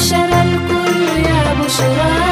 بشرى الكل يا بشرى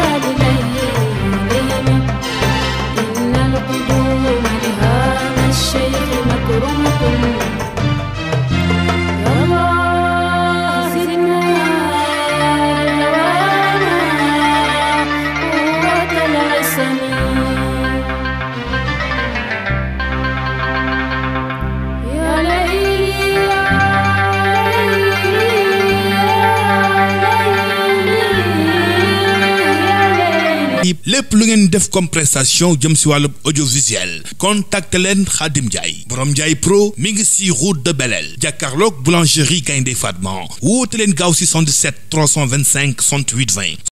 Les lu ngeen def comme prestation jëm si wàllu audiovisuel contacte leen Khadim Ndiaye borom Ndiaye pro mi ngi si route de Belel jàkkaarloog boulangerie gain Fatma woote leen gaaw 325 68